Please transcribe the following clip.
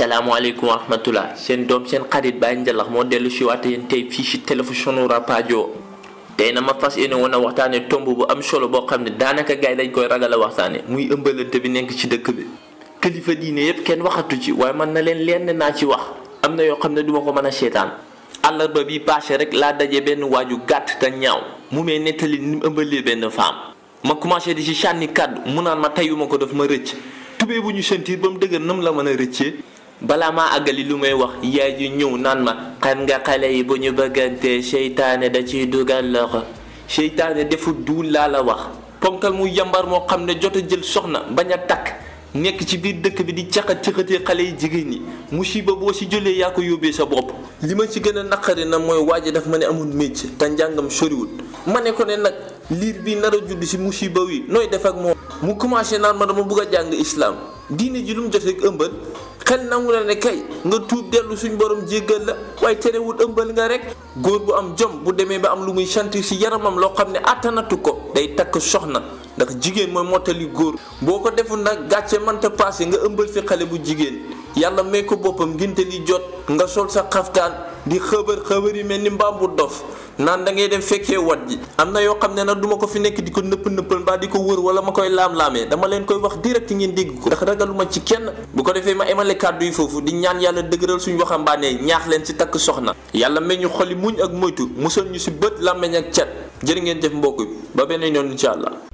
asalaamaaleykum wa rahmatulah seen doom seen xarit Baye Ndialax moo dellu si waat yéen tey fii si télévision Rapadio tey na ma fas yéene woon a waxtaanee tomb bu am solo boo xam ne daanaka gars dañ koy ragal a waxtaanee muy ëmbalante bi nekk ci dëkk bi. kilifa diine yëpp kenn waxatu ci waaye man na leen lenn naa ci wax am na yoo xam ne duma ko mën a seetaan àllarba bi passé rek laa daje benn waaju gàtt te ñaaw mu may nettali ni mu ëmbalee benn femme ma commencé di si sànni kàddu mu naan ma teyuma ko daf ma rëcc tubéy bu ñu sentir ba mu dëgër nam la mën a rëccee. balaa maa àggali lu may wax yaay ji ñëw naan ma xam nga xale yi bu ñu bëggantee seytaane da ciy dugal loxo seytaane defu duul laa la wax ponkal mu yambar moo xam ne jot a jël soxna bañ a takk nekk ci biir dëkk bi di caxat caxatee xale yi jigéen ñi musiba boo ci jëlee yaa ko yóbbee sa bopp li ma ci gën a naqari na mooy waa ji daf ma ne amul métier te njàngam soriwul ma ne ko ne nag liir bi nar a judd si musiba wi nooy def ak moom mu commencé naan ma dama bëgg a jàng islaam diine ji lu mu ëmbal xel nangu la ne kay nga tuub dellu suñu borom jéggal la waaye terewul ëmbal nga rek góor bu am jom bu demee ba am lu muy sant si yaramam loo xam ne attanatu ko day takk soxna ndax jigéen mooy mottali góor boo ko deful nag gàcce manta paase nga ëmbal fi xale bu jigéen yàlla may ko boppam ngénte li jot nga sol sa xaftaan di xëbër xëbër yi mel ni mbaam bu dof naan da ngay dem fekkee wat ji am na yoo xam ne nag duma ko fi nekk di ko nëpp nëppal mbaa di ko wër wala ma koy laam-laamee dama leen koy wax direct ngeen dégg ko ndax ragaluma ci kenn bu ko defee ma emale kàddu yi foofu di ñaan yàlla dëgëral suñu waxambaane ñaax leen ci takk soxna yàlla may ñu xoli muñ ak moytu musal ñu si bët làmmeñ ak cat jër ngeen jëf mbokk bi ba beneen yoon incha allah